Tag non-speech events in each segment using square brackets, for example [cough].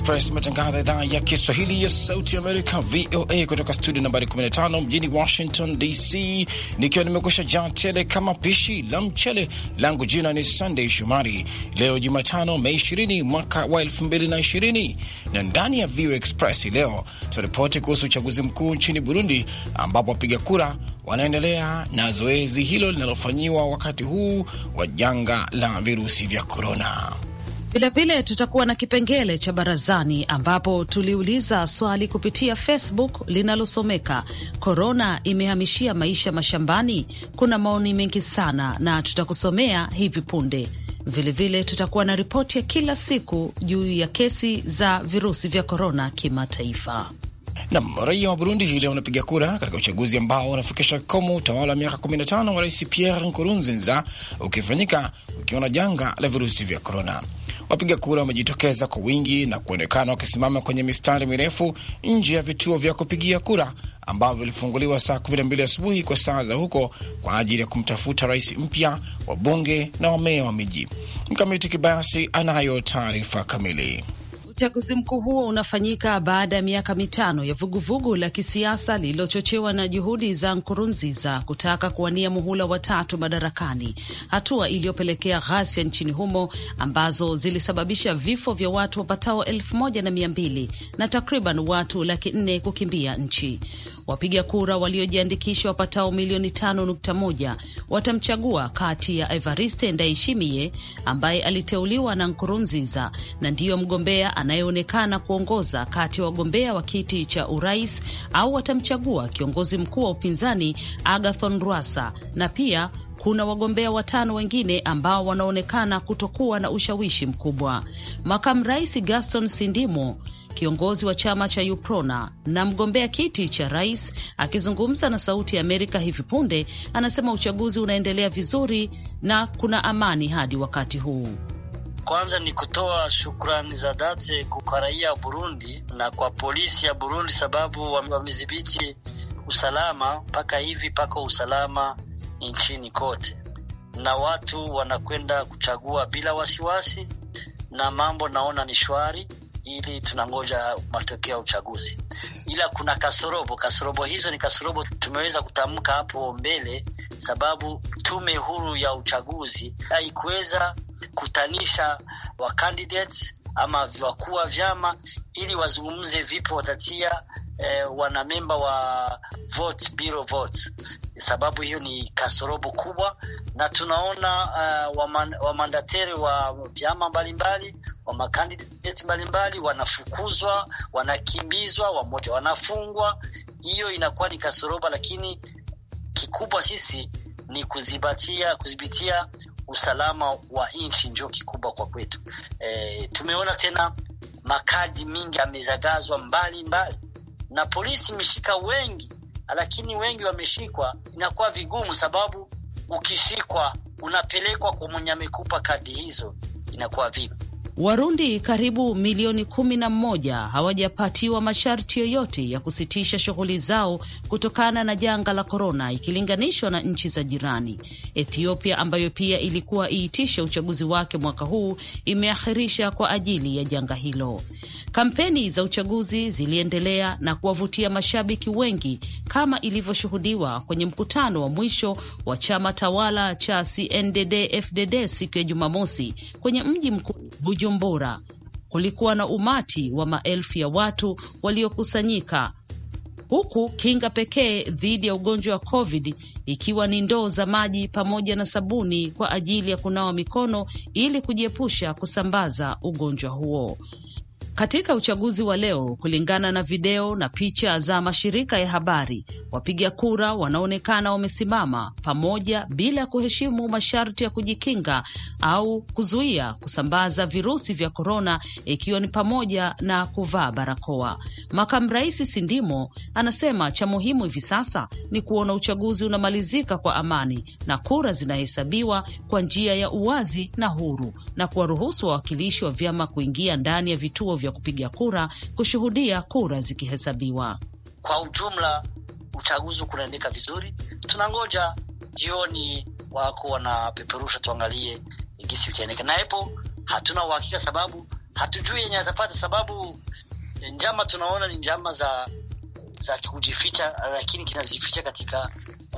Express, matangazo ya idhaa ya Kiswahili ya sauti Amerika, VOA, kutoka studio nambari 15 mjini Washington DC, nikiwa nimekusha jaa tele kama pishi la mchele langu. Jina ni Sunday Shumari. Leo Jumatano, Mei 20 mwaka wa 2020, na ndani ya VOA Express hii leo tunaripoti kuhusu uchaguzi mkuu nchini Burundi, ambapo wapiga kura wanaendelea na zoezi hilo linalofanyiwa wakati huu wa janga la virusi vya korona. Vilevile tutakuwa na kipengele cha barazani, ambapo tuliuliza swali kupitia Facebook linalosomeka korona imehamishia maisha mashambani. Kuna maoni mengi sana na tutakusomea hivi punde. Vilevile tutakuwa na ripoti ya kila siku juu ya kesi za virusi vya korona kimataifa. Nam, raia wa Burundi hii leo wanapiga kura katika uchaguzi ambao unafikisha kikomo utawala wa miaka 15 wa Rais Pierre Nkurunziza ukifanyika ukiwa na janga la virusi vya korona. Wapiga kura wamejitokeza kwa wingi na kuonekana wakisimama kwenye mistari mirefu nje ya vituo vya kupigia kura ambavyo vilifunguliwa saa 12 asubuhi kwa saa za huko kwa ajili ya kumtafuta rais mpya, wabunge na wamea wa miji. Mkamiti Kibayasi anayo taarifa kamili. Uchaguzi mkuu huo unafanyika baada ya miaka mitano ya vuguvugu la kisiasa lililochochewa na juhudi za Nkurunziza kutaka kuwania muhula watatu madarakani, hatua iliyopelekea ghasia nchini humo ambazo zilisababisha vifo vya watu wapatao elfu moja na mia mbili na takriban watu laki nne kukimbia nchi wapiga kura waliojiandikisha wapatao milioni 5.1 watamchagua kati ya Evariste Ndayishimiye ambaye aliteuliwa na Nkurunziza na ndiyo mgombea anayeonekana kuongoza kati ya wagombea wa kiti cha urais, au watamchagua kiongozi mkuu wa upinzani Agathon Rwasa na pia kuna wagombea watano wengine ambao wanaonekana kutokuwa na ushawishi mkubwa. Makamu Rais Gaston Sindimo kiongozi wa chama cha UPRONA na mgombea kiti cha rais, akizungumza na Sauti ya Amerika hivi punde, anasema uchaguzi unaendelea vizuri na kuna amani hadi wakati huu. Kwanza ni kutoa shukrani za dhati kwa raia wa Burundi na kwa polisi ya Burundi, sababu wamedhibiti usalama mpaka hivi, pako usalama nchini kote, na watu wanakwenda kuchagua bila wasiwasi, na mambo naona ni shwari ili tunangoja matokeo ya uchaguzi, ila kuna kasorobo. Kasorobo hizo ni kasorobo tumeweza kutamka hapo mbele, sababu tume huru ya uchaguzi haikuweza kutanisha wa candidates ama wakuu wa vyama ili wazungumze vipo watatia eh, wanamemba wa vote, bureau vote. Sababu hiyo ni kasorobo kubwa, na tunaona uh, eh, wamandateri wa vyama mbalimbali wa makandidati mbalimbali wanafukuzwa, wanakimbizwa, wamoja wanafungwa. Hiyo inakuwa ni kasoroba, lakini kikubwa sisi ni kuzibatia kuzibitia usalama wa nchi, ndio kikubwa kwa kwetu. E, tumeona tena makadi mingi yamezagazwa mbali mbali na polisi imeshika wengi, lakini wengi wameshikwa, inakuwa vigumu sababu ukishikwa unapelekwa kwa mwenye amekupa kadi hizo, inakuwa vipi? Warundi karibu milioni kumi na mmoja hawajapatiwa masharti yoyote ya kusitisha shughuli zao kutokana na janga la korona ikilinganishwa na nchi za jirani. Ethiopia ambayo pia ilikuwa iitishe uchaguzi wake mwaka huu imeakhirisha kwa ajili ya janga hilo. Kampeni za uchaguzi ziliendelea na kuwavutia mashabiki wengi kama ilivyoshuhudiwa kwenye mkutano wa mwisho wa chama tawala cha CNDD-FDD siku ya Jumamosi kwenye mji mkuu Bujumbura kulikuwa na umati wa maelfu ya watu waliokusanyika huku kinga pekee dhidi ya ugonjwa wa COVID ikiwa ni ndoo za maji pamoja na sabuni kwa ajili ya kunawa mikono ili kujiepusha kusambaza ugonjwa huo katika uchaguzi wa leo. Kulingana na video na picha za mashirika ya habari, wapiga kura wanaonekana wamesimama pamoja bila kuheshimu masharti ya kujikinga au kuzuia kusambaza virusi vya korona, ikiwa ni pamoja na kuvaa barakoa. Makamu Rais Sindimo anasema cha muhimu hivi sasa ni kuona uchaguzi unamalizika kwa amani na kura zinahesabiwa kwa njia ya uwazi na huru na kuwaruhusu wawakilishi wa vyama kuingia ndani ya vituo vya vya kupiga kura kushuhudia kura zikihesabiwa. Kwa ujumla, uchaguzi kunaendeka vizuri. Tunangoja jioni wako wanapeperusha, tuangalie gisi utaendeka, na hapo hatuna uhakika, sababu hatujui yenye atafata, sababu njama tunaona ni njama za za kujificha, lakini kinazificha katika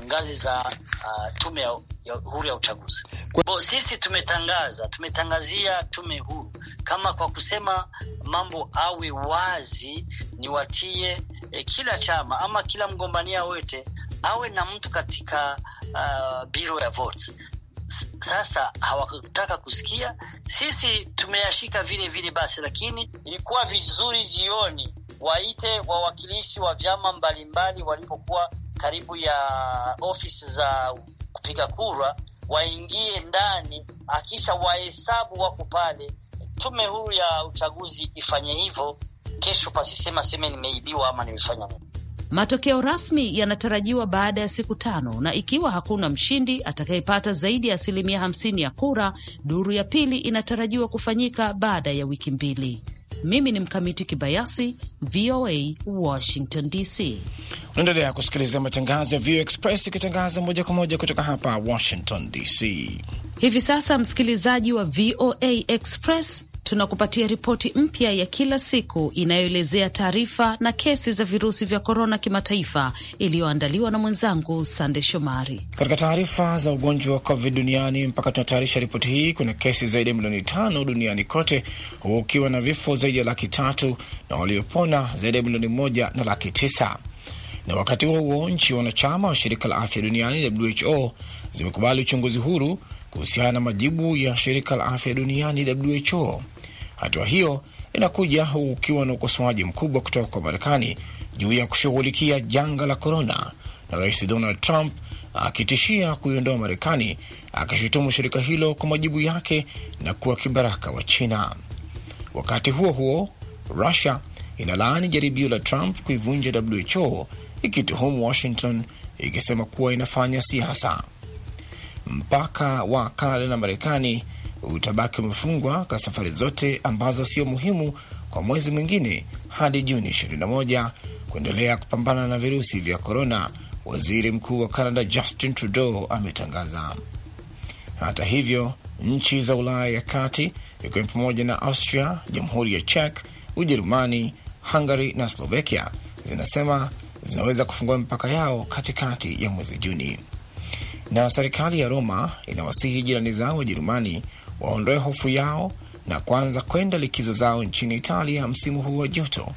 ngazi za uh, tume ya huru ya uchaguzi. Kwa... sisi tumetangaza tumetangazia tume huru kama kwa kusema mambo awe wazi, niwatie e, kila chama ama kila mgombania wote awe na mtu katika uh, biro ya vote. Sasa hawakutaka kusikia, sisi tumeyashika vile vile basi, lakini ilikuwa vizuri jioni waite wawakilishi wa vyama mbalimbali walipokuwa karibu ya ofisi za kupiga kura, waingie ndani, akisha wahesabu wako pale tume huru ya uchaguzi ifanye hivyo kesho, pasisema seme nimeibiwa ama nimefanya nini. Matokeo rasmi yanatarajiwa baada ya siku tano, na ikiwa hakuna mshindi atakayepata zaidi ya asilimia hamsini ya kura, duru ya pili inatarajiwa kufanyika baada ya wiki mbili. Mimi ni Mkamiti Kibayasi, VOA Washington DC. Unaendelea kusikiliza matangazo ya VOA Express ikitangaza moja kwa moja kutoka hapa Washington DC. Hivi sasa, msikilizaji wa VOA Express tunakupatia ripoti mpya ya kila siku inayoelezea taarifa na kesi za virusi vya korona kimataifa iliyoandaliwa na mwenzangu Sande Shomari. Katika taarifa za ugonjwa wa COVID duniani, mpaka tunatayarisha ripoti hii, kuna kesi zaidi ya milioni tano duniani kote, huku ukiwa na vifo zaidi ya laki tatu na waliopona zaidi ya milioni moja na laki tisa na wakati huo huo nchi wanachama wa shirika la afya duniani WHO zimekubali uchunguzi huru kuhusiana na majibu ya shirika la afya duniani WHO Hatua hiyo inakuja huku ukiwa na ukosoaji mkubwa kutoka kwa Marekani juu ya kushughulikia janga la korona, na Rais Donald Trump akitishia kuiondoa Marekani, akishutumu shirika hilo kwa majibu yake na kuwa kibaraka wa China. Wakati huo huo, Rusia inalaani jaribio la Trump kuivunja WHO ikituhumu Washington, ikisema kuwa inafanya siasa. Mpaka wa Kanada na Marekani utabaki umefungwa kwa safari zote ambazo sio muhimu kwa mwezi mwingine hadi Juni 21 kuendelea kupambana na virusi vya korona, waziri mkuu wa Canada Justin Trudeau ametangaza. Hata hivyo, nchi za Ulaya ya kati ikiwa ni pamoja na Austria, jamhuri ya Czech, Ujerumani, Hungary na Slovakia zinasema zinaweza kufungua mipaka yao katikati ya mwezi Juni, na serikali ya Roma inawasihi jirani zao Wajerumani waondoe hofu yao na kuanza kwenda likizo zao nchini Italia msimu huu wa joto,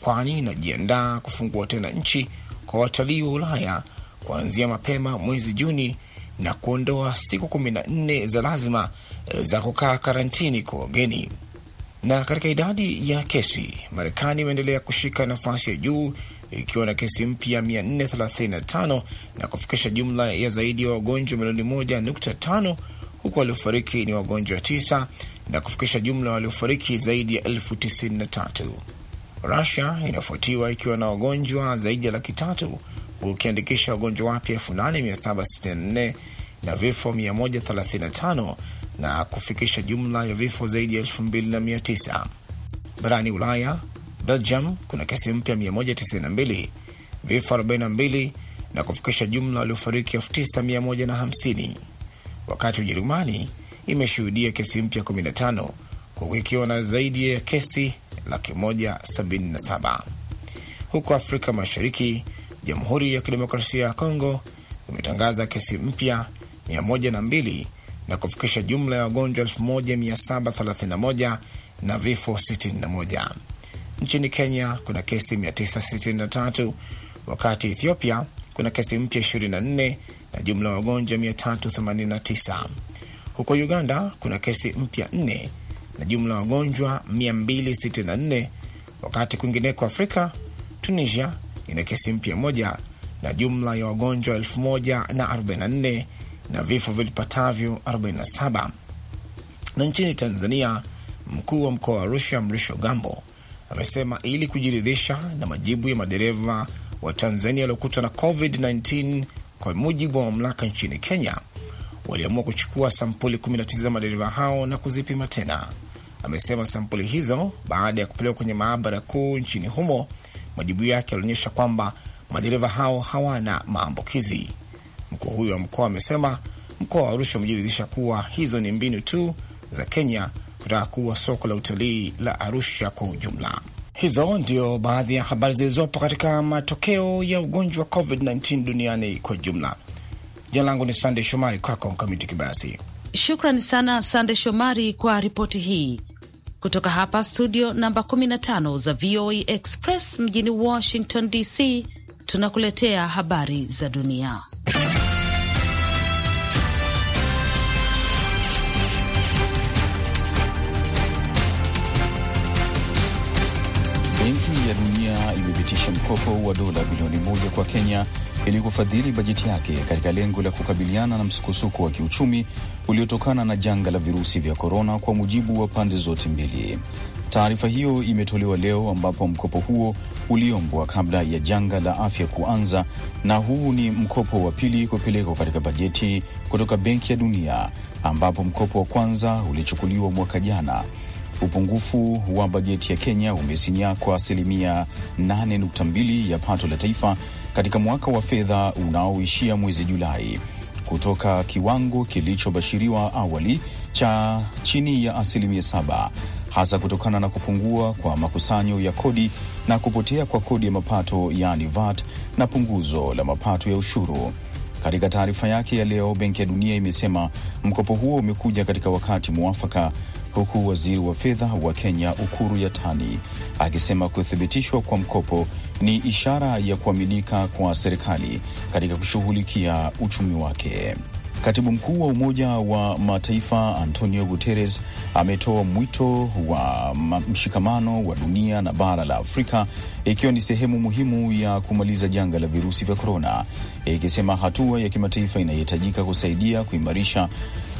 kwani inajiandaa kufungua tena nchi kwa watalii wa Ulaya kuanzia mapema mwezi Juni na kuondoa siku kumi na nne za lazima eh, za kukaa karantini kwa wageni. Na katika idadi ya kesi, Marekani imeendelea kushika nafasi ya juu ikiwa na kesi mpya 435 na kufikisha jumla ya zaidi ya wagonjwa milioni 1.5 huku waliofariki ni wagonjwa tisa na kufikisha jumla waliofariki zaidi ya elfu tisini na tatu. Rusia inafuatiwa ikiwa na wagonjwa zaidi ya laki tatu ukiandikisha wagonjwa wapya 8764 na vifo 135 na kufikisha jumla ya vifo zaidi ya tisa. Barani Ulaya, Belgium kuna kesi mpya 192, vifo 42 na kufikisha jumla waliofariki 9150 wakati Ujerumani imeshuhudia kesi mpya 15 huku ikiwa na zaidi ya kesi laki moja sabini na saba. Huko Afrika Mashariki, Jamhuri ya Kidemokrasia ya Kongo imetangaza kesi mpya 102 na kufikisha jumla ya wagonjwa 1731 na vifo 61. Nchini Kenya kuna kesi 963, wakati Ethiopia kuna kesi mpya 24 na jumla ya wagonjwa 389. Huko Uganda kuna kesi mpya 4 na jumla ya wagonjwa 264, wakati kwingineko Afrika, Tunisia ina kesi mpya moja na jumla ya wagonjwa 1044 na vifo vilipatavyo 47. Na nchini Tanzania, mkuu wa mkoa wa Arusha Mrisho Gambo amesema ili kujiridhisha na majibu ya madereva wa Tanzania waliokutwa na COVID-19 kwa mujibu wa mamlaka nchini Kenya, waliamua kuchukua sampuli 19 za madereva hao na kuzipima tena. Amesema sampuli hizo baada ya kupelekwa kwenye maabara kuu nchini humo, majibu yake yalionyesha kwamba madereva hao hawana maambukizi. Mkuu huyo wa mkoa amesema mkoa wa Arusha umejiridhisha kuwa hizo ni mbinu tu za Kenya kutaka kuwa soko la utalii la Arusha kwa ujumla. Hizo ndio baadhi ya habari zilizopo katika matokeo ya ugonjwa wa COVID-19 duniani kwa jumla. Jina langu ni Sande Shomari, kwako Mkamiti Kibayasi. shukran sana Sande Shomari kwa ripoti hii kutoka hapa studio namba 15 za VOA Express mjini Washington DC. Tunakuletea habari za dunia. kupitisha mkopo wa dola bilioni moja kwa Kenya ili kufadhili bajeti yake katika lengo la kukabiliana na msukosuko wa kiuchumi uliotokana na janga la virusi vya korona, kwa mujibu wa pande zote mbili. Taarifa hiyo imetolewa leo ambapo mkopo huo uliombwa kabla ya janga la afya kuanza, na huu ni mkopo wa pili kupelekwa katika bajeti kutoka Benki ya Dunia, ambapo mkopo wa kwanza ulichukuliwa mwaka jana Upungufu wa bajeti ya Kenya umesinya kwa asilimia 8.2 ya pato la taifa katika mwaka wa fedha unaoishia mwezi Julai kutoka kiwango kilichobashiriwa awali cha chini ya asilimia saba, hasa kutokana na kupungua kwa makusanyo ya kodi na kupotea kwa kodi ya mapato yaani VAT na punguzo la mapato ya ushuru. Katika taarifa yake ya leo, Benki ya Dunia imesema mkopo huo umekuja katika wakati mwafaka huku waziri wa fedha wa Kenya Ukuru Yatani akisema kuthibitishwa kwa mkopo ni ishara ya kuaminika kwa serikali katika kushughulikia uchumi wake. Katibu mkuu wa Umoja wa Mataifa Antonio Guterres ametoa mwito wa mshikamano wa dunia na bara la Afrika, ikiwa ni sehemu muhimu ya kumaliza janga la virusi vya korona, ikisema hatua ya kimataifa inayohitajika kusaidia kuimarisha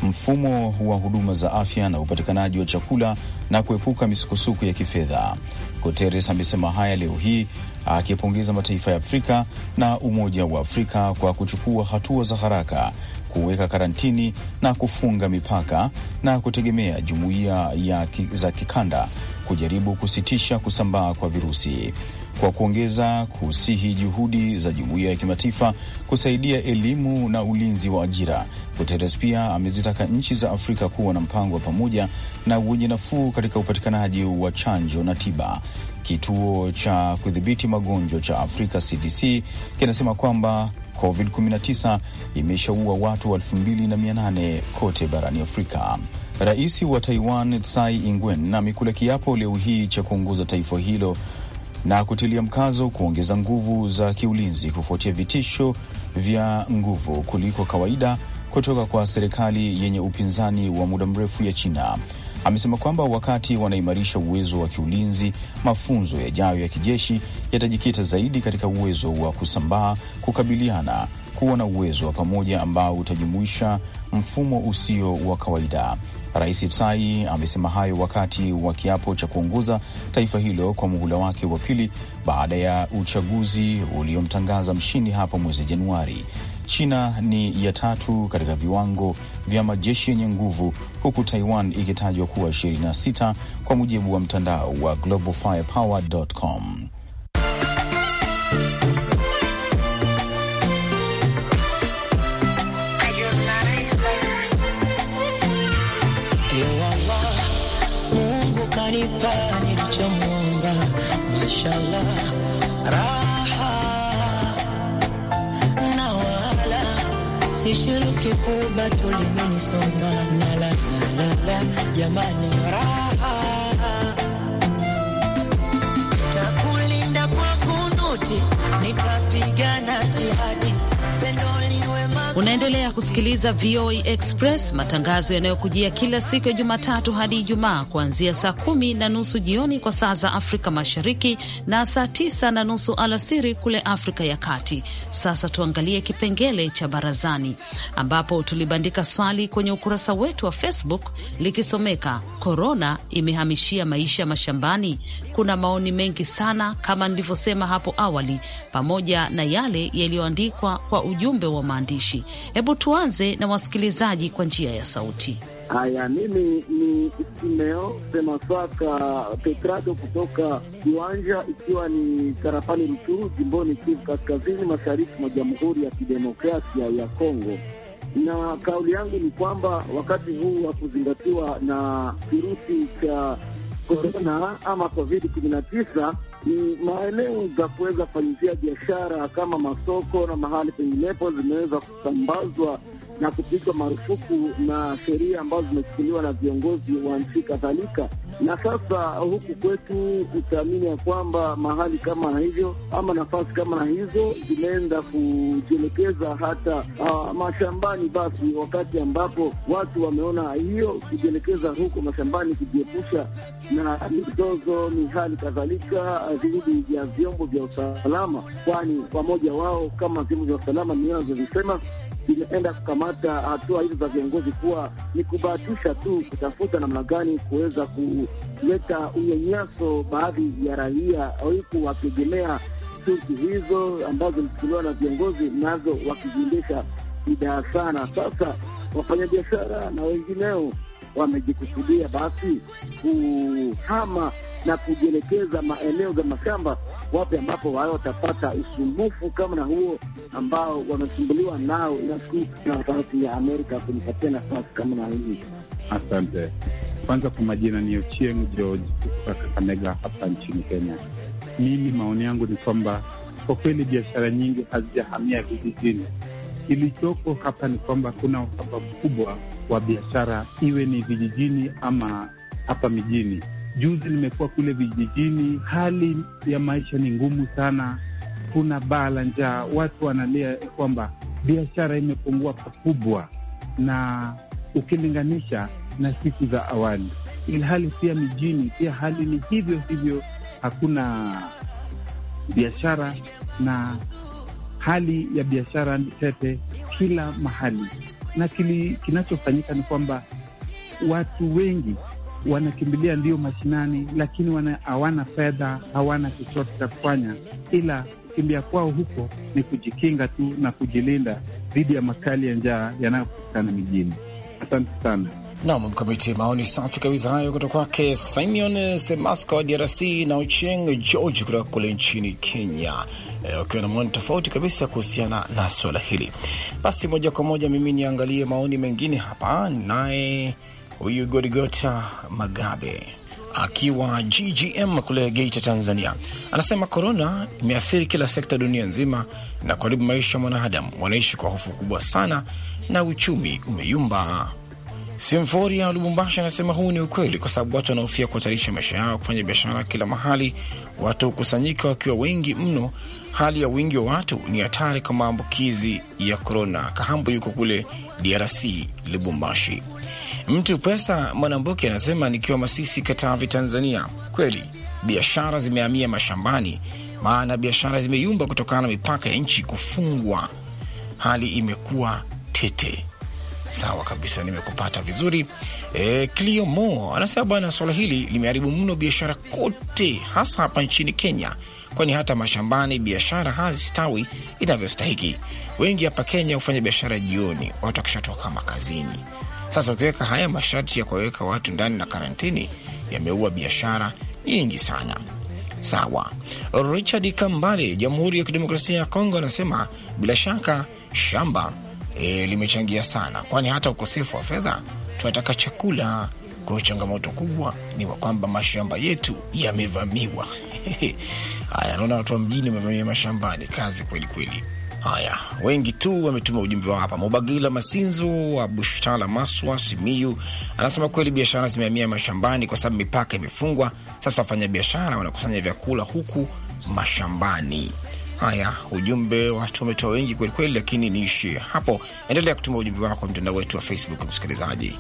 mfumo wa huduma za afya na upatikanaji wa chakula na kuepuka misukosuko ya kifedha. Guterres amesema haya leo hii akipongeza mataifa ya Afrika na Umoja wa Afrika kwa kuchukua hatua za haraka kuweka karantini na kufunga mipaka na kutegemea jumuiya ya ki, za kikanda kujaribu kusitisha kusambaa kwa virusi kwa kuongeza kusihi juhudi za jumuiya ya kimataifa kusaidia elimu na ulinzi wa ajira. Guterres pia amezitaka nchi za Afrika kuwa na mpango wa pamoja na wenye nafuu katika upatikanaji wa chanjo na tiba. Kituo cha kudhibiti magonjwa cha Afrika CDC kinasema kwamba COVID-19 imeshaua watu 2800 kote barani Afrika. Rais wa Taiwan Tsai Ingwen amekula kiapo leo hii cha kuongoza taifa hilo na kutilia mkazo kuongeza nguvu za kiulinzi kufuatia vitisho vya nguvu kuliko kawaida kutoka kwa serikali yenye upinzani wa muda mrefu ya China amesema kwamba wakati wanaimarisha uwezo wa kiulinzi, mafunzo yajayo ya kijeshi yatajikita zaidi katika uwezo wa kusambaa, kukabiliana, kuwa na uwezo wa pamoja ambao utajumuisha mfumo usio wa kawaida. Rais Tai amesema hayo wakati wa kiapo cha kuongoza taifa hilo kwa muhula wake wa pili baada ya uchaguzi uliomtangaza mshindi hapo mwezi Januari. China ni ya tatu katika viwango vya majeshi yenye nguvu, huku Taiwan ikitajwa kuwa 26 kwa mujibu wa mtandao wa globalfirepower.com. mashallah raha sishiruki kuba tulimenisoma nala nalala jamani raha takulinda kwa kunuti nitapigana Unaendelea kusikiliza VOA Express, matangazo yanayokujia kila siku ya Jumatatu hadi Ijumaa kuanzia saa kumi na nusu jioni kwa saa za Afrika Mashariki na saa tisa na nusu alasiri kule Afrika ya Kati. Sasa tuangalie kipengele cha barazani, ambapo tulibandika swali kwenye ukurasa wetu wa Facebook likisomeka korona imehamishia maisha mashambani. Kuna maoni mengi sana kama nilivyosema hapo awali, pamoja na yale yaliyoandikwa kwa ujumbe wa maandishi Hebu tuanze na wasikilizaji kwa njia ya sauti. Haya, mimi ni Simeo Semaswaka Petrado kutoka Kiwanja, ikiwa ni Karapani Ruchuru, jimboni Kivu Kaskazini, mashariki mwa Jamhuri ya Kidemokrasia ya Kongo. Na kauli yangu ni kwamba wakati huu wa kuzingatiwa na kirusi cha korona ama COVID-19 Mm, maeneo za kuweza kufanyizia biashara kama masoko na mahali penginepo zimeweza kusambazwa na kupigwa marufuku na sheria ambazo zimechukuliwa na viongozi wa nchi kadhalika. Na sasa huku kwetu utaamini ya kwamba mahali kama hivyo ama nafasi kama hizo zimeenda kujielekeza hata uh, mashambani. Basi wakati ambapo watu wameona hiyo kujielekeza huko mashambani, kujiepusha na mizozo ni hali kadhalika dhidi ya vyombo vya usalama, kwani wamoja wao kama vyombo vya usalama vyovisema ingependa kukamata hatua hizo za viongozi kuwa ni kubahatisha tu kutafuta namna gani kuweza kuleta unyanyaso baadhi ya raia, aiku wakiegemea sisi hizo ambazo zinachukuliwa na viongozi, nazo wakiziendesha bidhaa sana. Sasa wafanyabiashara na wengineo wamejikusudia basi kuhama na kujielekeza maeneo za mashamba, wapi ambapo wao watapata usumbufu kama na huo ambao wamesumbuliwa nao. nasu na Sauti ya Amerika kunipatia nafasi kama na hii, asante. Kwanza kwa majina ni Ochieng George kutoka Kakamega hapa nchini Kenya. Mimi maoni yangu ni kwamba kwa kweli biashara nyingi hazijahamia vijijini. Kilichoko hapa ni kwamba kuna uhaba mkubwa wa biashara, iwe ni vijijini ama hapa mijini. Juzi nimekuwa kule vijijini, hali ya maisha ni ngumu sana, kuna baa la njaa, watu wanalia kwamba biashara imepungua pakubwa, na ukilinganisha na siku za awali, ilhali pia mijini pia hali ni hivyo hivyo, hakuna biashara na hali ya biashara ni tete kila mahali na kili, kinachofanyika ni kwamba watu wengi wanakimbilia ndio mashinani, lakini hawana fedha, hawana chochote cha kufanya, ila kukimbia kwao huko ni kujikinga tu na kujilinda dhidi ya makali ya njaa yanayopatikana mijini. Asante sana. Nam mkamiti maoni safi kabisa hayo kutoka kwake Simeon Semasco wa DRC na Ucheng George kutoka kule nchini Kenya. Eh, wakiwa na maoni tofauti kabisa kuhusiana na swala hili. Basi moja kwa moja mimi niangalie maoni mengine hapa, naye huyu Godigota Magabe akiwa GGM kule Geita, Tanzania, anasema korona imeathiri kila sekta dunia nzima na kuharibu maisha ya mwanadamu. Wanaishi kwa hofu kubwa sana na uchumi umeyumba. Simforia Lubumbashi anasema huu ni ukweli, kwa sababu watu wanaofia kuhatarisha maisha yao kufanya biashara kila mahali. Watu hukusanyika wakiwa wengi mno, hali ya wingi wa watu ni hatari kwa maambukizi ya korona. Kahambo yuko kule DRC, Lubumbashi. Mtu pesa Mwanambuke anasema nikiwa Masisi, Katavi, Tanzania, kweli biashara zimehamia mashambani, maana biashara zimeyumba kutokana na mipaka ya nchi kufungwa. Hali imekuwa tete. Sawa kabisa, nimekupata vizuri. E, Clio Mo anasema bwana, swala hili limeharibu mno biashara kote, hasa hapa nchini Kenya kwani hata mashambani biashara hazistawi inavyostahiki. Wengi hapa Kenya hufanya biashara jioni watu wakishatoka makazini. Sasa ukiweka haya masharti ya kuwaweka watu ndani na karantini, yameua biashara nyingi sana. Sawa. Richard Kambale, Jamhuri ya Kidemokrasia ya Kongo, anasema bila shaka shamba e, limechangia sana, kwani hata ukosefu wa fedha tunataka chakula. Kwa hiyo changamoto kubwa ni kwamba mashamba yetu yamevamiwa. [laughs] Haya, naona watu wa mjini wamevamia mashambani, kazi kweli kweli. Haya, wengi tu wametuma ujumbe wao hapa. Mubagila Masinzo wa Bushtala, Maswa, Simiyu anasema kweli biashara zimehamia mashambani kwa sababu mipaka imefungwa. Sasa wafanyabiashara wanakusanya vyakula huku mashambani. Haya, ujumbe watu wametoa wengi kwelikweli, lakini niishie hapo. Endelea kutuma ujumbe wako mtandao wetu wa Facebook, msikilizaji.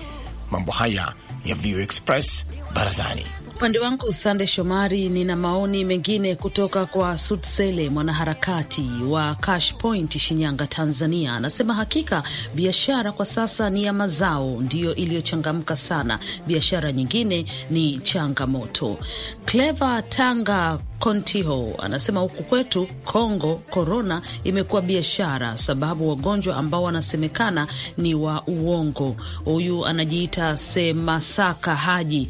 Mambo haya ya VOA Express barazani Upande wangu Sande Shomari, nina maoni mengine kutoka kwa Sutsele, mwanaharakati wa Cash Point, Shinyanga, Tanzania. Anasema hakika biashara kwa sasa ni ya mazao ndiyo iliyochangamka sana, biashara nyingine ni changamoto. Cleva Tanga Kontiho anasema huku kwetu Kongo korona imekuwa biashara, sababu wagonjwa ambao wanasemekana ni wa uongo. Huyu anajiita Semasaka Haji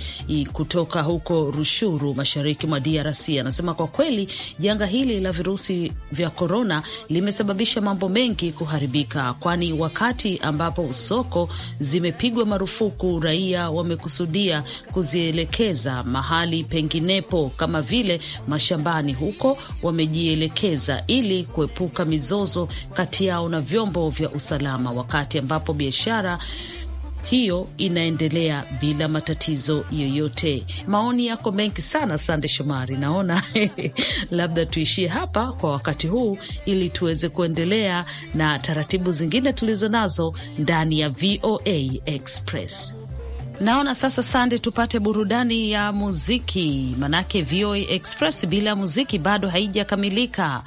kutoka huku huko Rushuru, mashariki mwa DRC, anasema kwa kweli janga hili la virusi vya korona limesababisha mambo mengi kuharibika, kwani wakati ambapo soko zimepigwa marufuku, raia wamekusudia kuzielekeza mahali penginepo kama vile mashambani, huko wamejielekeza ili kuepuka mizozo kati yao na vyombo vya usalama, wakati ambapo biashara hiyo inaendelea bila matatizo yoyote. Maoni yako mengi sana, Sande Shomari. Naona labda tuishie hapa kwa wakati huu, ili tuweze kuendelea na taratibu zingine tulizo nazo ndani ya VOA Express. Naona sasa Sande, tupate burudani ya muziki, manake VOA Express bila muziki bado haijakamilika.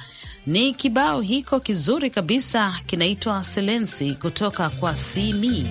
Ni kibao hiko kizuri kabisa kinaitwa Selensi kutoka kwa cm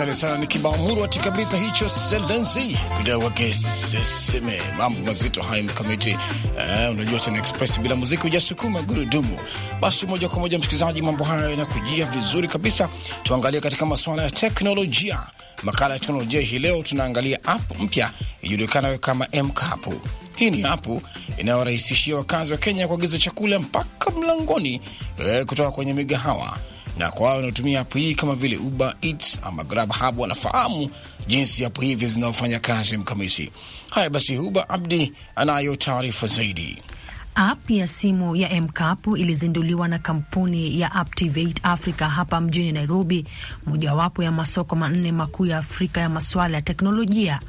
asante sana, ni kibao murwati kabisa hicho selensi seseme. Mambo mazito hayo mkamiti. Uh, unajua tena express bila muziki hujasukuma gurudumu. Basi moja kwa moja, msikilizaji, mambo hayo yanakujia vizuri kabisa. Tuangalie katika masuala ya teknolojia, makala ya teknolojia hii leo tunaangalia app mpya ijulikanayo kama mkapu. Hii ni apu inayorahisishia wakazi wa Kenya kuagiza chakula mpaka mlangoni, eh, kutoka kwenye migahawa na kwa hao wanaotumia app hii kama vile Uber Eats ama Grab Hub wanafahamu jinsi app hivi zinavyofanya kazi. mkamisi haya basi, Huba Abdi anayo taarifa zaidi. App ya simu ya mkapu ilizinduliwa na kampuni ya Aptivate Africa hapa mjini Nairobi, mojawapo ya masoko manne makuu ya Afrika ya masuala ya teknolojia.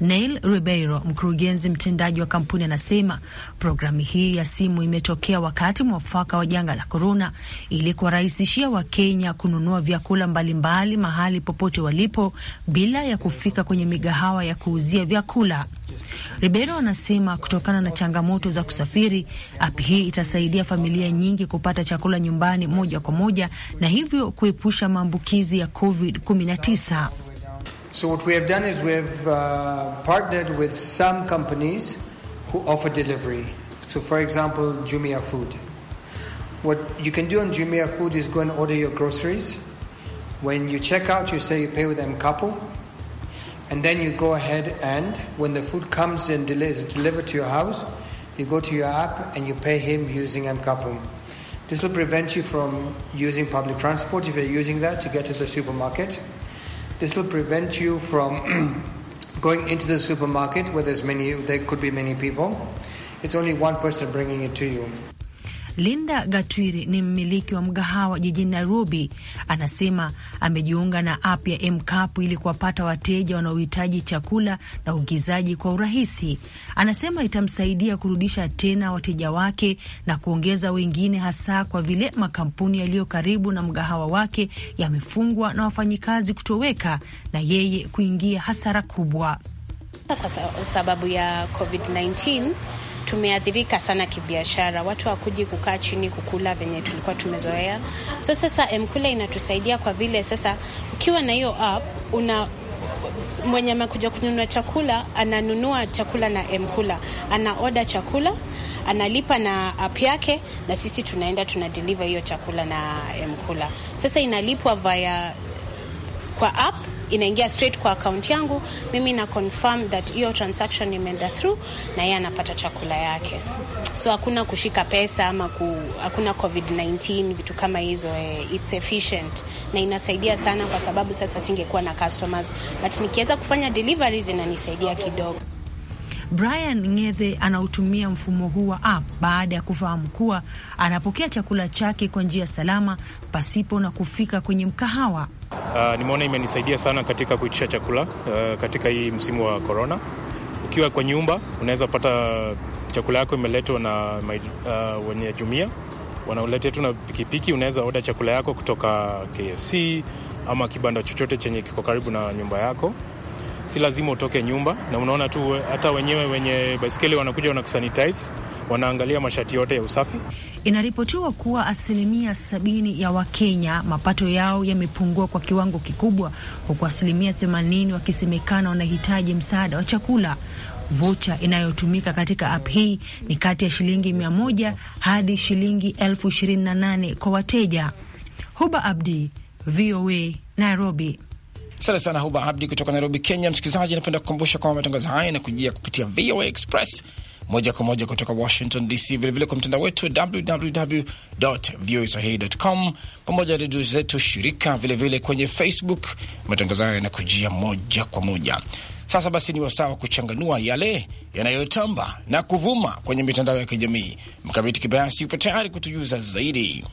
Neil Ribeiro, mkurugenzi mtendaji wa kampuni, anasema programu hii ya simu imetokea wakati mwafaka wa janga la korona, ili kuwarahisishia Wakenya kununua vyakula mbalimbali mbali mahali popote walipo bila ya kufika kwenye migahawa ya kuuzia vyakula. Ribeiro anasema kutokana na changamoto za kusafiri, app hii itasaidia familia nyingi kupata chakula nyumbani moja kwa moja na hivyo kuepusha maambukizi ya COVID-19. So what we have done is we have uh, partnered with some companies who offer delivery. So for example, Jumia Food. What you can do on Jumia Food is go and order your groceries. When you check out, you say you pay with Mkapo, and then you go ahead and when the food comes and is delivered to your house, you go to your app and you pay him using Mkapo. This will prevent you from using public transport if you're using that to get to the supermarket. This will prevent you from [clears throat] going into the supermarket where there's many, there could be many people. It's only one person bringing it to you. Linda Gatwiri ni mmiliki wa mgahawa jijini Nairobi, anasema amejiunga na app ya Mkapu ili kuwapata wateja wanaohitaji chakula na uagizaji kwa urahisi. Anasema itamsaidia kurudisha tena wateja wake na kuongeza wengine, hasa kwa vile makampuni yaliyo karibu na mgahawa wake yamefungwa na wafanyikazi kutoweka na yeye kuingia hasara kubwa kwa sababu ya COVID-19 tumeathirika sana kibiashara, watu hawakuji kukaa chini kukula venye tulikuwa tumezoea. So sasa Mkula inatusaidia kwa vile sasa ukiwa na hiyo app una mwenye amekuja kununua chakula ananunua chakula na Mkula, ana oda chakula analipa na app yake, na sisi tunaenda tuna tunadeliver hiyo chakula na Mkula. Sasa inalipwa via kwa app inaingia straight kwa akaunti yangu, mimi na confirm that hiyo transaction imeenda through na yeye anapata chakula yake. So hakuna kushika pesa ama ku, hakuna COVID-19 vitu kama hizo eh, it's efficient na inasaidia sana, kwa sababu sasa singekuwa na customers, but nikiweza kufanya deliveries inanisaidia kidogo. Brian Ngethe anautumia mfumo huu wa app baada ya kufahamu kuwa anapokea chakula chake kwa njia salama pasipo na kufika kwenye mkahawa. Uh, nimeona imenisaidia sana katika kuitisha chakula uh, katika hii msimu wa korona. Ukiwa kwa nyumba unaweza pata chakula yako imeletwa na uh, wenye jumia wanaoletea tu na pikipiki. Unaweza oda chakula yako kutoka KFC ama kibanda chochote chenye kiko karibu na nyumba yako si lazima utoke nyumba, na unaona tu hata wenyewe wenye baiskeli wanakuja wanakusanitize, wanaangalia mashati yote ya usafi. Inaripotiwa kuwa asilimia sabini ya Wakenya mapato yao yamepungua kwa kiwango kikubwa, huku asilimia themanini wakisemekana wanahitaji msaada wa chakula. Vocha inayotumika katika app hii ni kati ya shilingi mia moja hadi shilingi elfu ishirini na nane kwa wateja. Huba Abdi, VOA, Nairobi. Asante sana Huba Abdi kutoka Nairobi, Kenya. Msikilizaji, napenda kukumbusha kwamba matangazo haya yanakujia kupitia VOA Express moja kwa moja kutoka Washington DC, vilevile kwa mtandao wetu www voa swahili.com, pamoja na redio zetu shirika, vilevile kwenye Facebook. Matangazo hayo yanakujia moja kwa moja. Sasa basi, ni wasawa kuchanganua yale yanayotamba na kuvuma kwenye mitandao ya kijamii. Mkabiti Kibayasi yupo tayari kutujuza zaidi.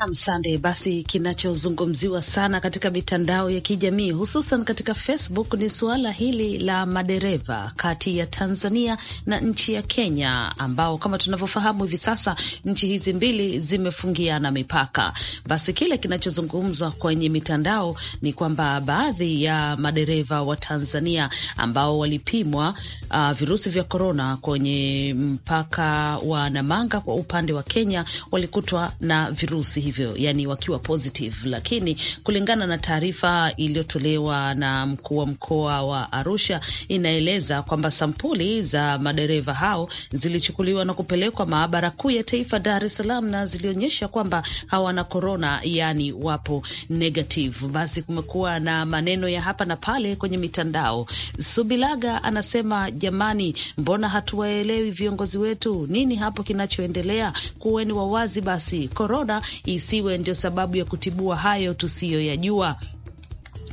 Nam Sande, basi kinachozungumziwa sana katika mitandao ya kijamii hususan katika Facebook ni suala hili la madereva kati ya Tanzania na nchi ya Kenya, ambao kama tunavyofahamu hivi sasa nchi hizi mbili zimefungiana mipaka. Basi kile kinachozungumzwa kwenye mitandao ni kwamba baadhi ya madereva wa Tanzania ambao walipimwa uh, virusi vya korona kwenye mpaka wa Namanga kwa upande wa Kenya walikutwa na virusi hivyo, yani wakiwa positive, lakini kulingana na taarifa iliyotolewa na mkuu wa mkoa wa Arusha inaeleza kwamba sampuli za madereva hao zilichukuliwa na kupelekwa maabara kuu ya taifa Dar es Salaam na zilionyesha kwamba hawana korona, yani wapo negative. Basi kumekuwa na maneno ya hapa na pale kwenye mitandao. Subilaga anasema jamani, mbona hatuwaelewi viongozi wetu? Nini hapo kinachoendelea? Kuweni wawazi basi, korona isiwe ndio sababu ya kutibua hayo tusiyoyajua.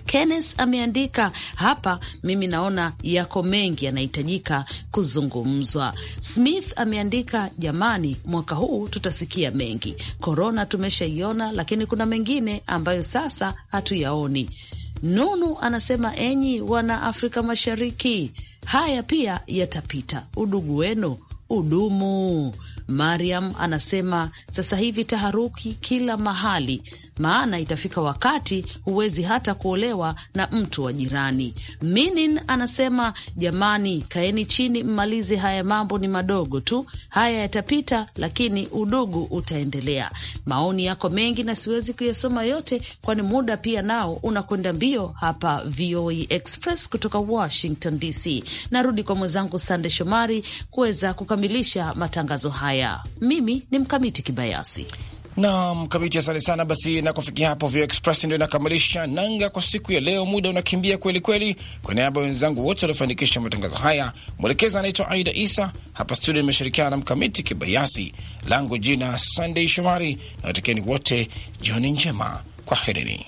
Kenneth ameandika hapa, mimi naona yako mengi yanahitajika kuzungumzwa. Smith ameandika, jamani, mwaka huu tutasikia mengi. Korona tumeshaiona, lakini kuna mengine ambayo sasa hatuyaoni. Nunu anasema, enyi wana Afrika Mashariki, haya pia yatapita, udugu wenu udumu. Mariam anasema sasa hivi taharuki kila mahali, maana itafika wakati huwezi hata kuolewa na mtu wa jirani. Minin anasema jamani, kaeni chini, mmalize haya mambo, ni madogo tu, haya yatapita, lakini udugu utaendelea. Maoni yako mengi na siwezi kuyasoma yote, kwani muda pia nao unakwenda mbio. Hapa VOA e Express kutoka Washington DC, narudi kwa mwenzangu Sande Shomari kuweza kukamilisha matangazo haya haya. Mimi ni Mkamiti Kibayasi na Mkamiti, asante sana. Basi na kufikia hapo, Vio Express ndio inakamilisha nanga kwa siku ya leo. Muda unakimbia kweli kweli. Kwa niaba ya wenzangu wote waliofanikisha matangazo haya, mwelekezi anaitwa Aida Isa, hapa studio nimeshirikiana na Mkamiti Kibayasi, langu jina sandey Shomari, na watakieni wote jioni njema, kwaherini.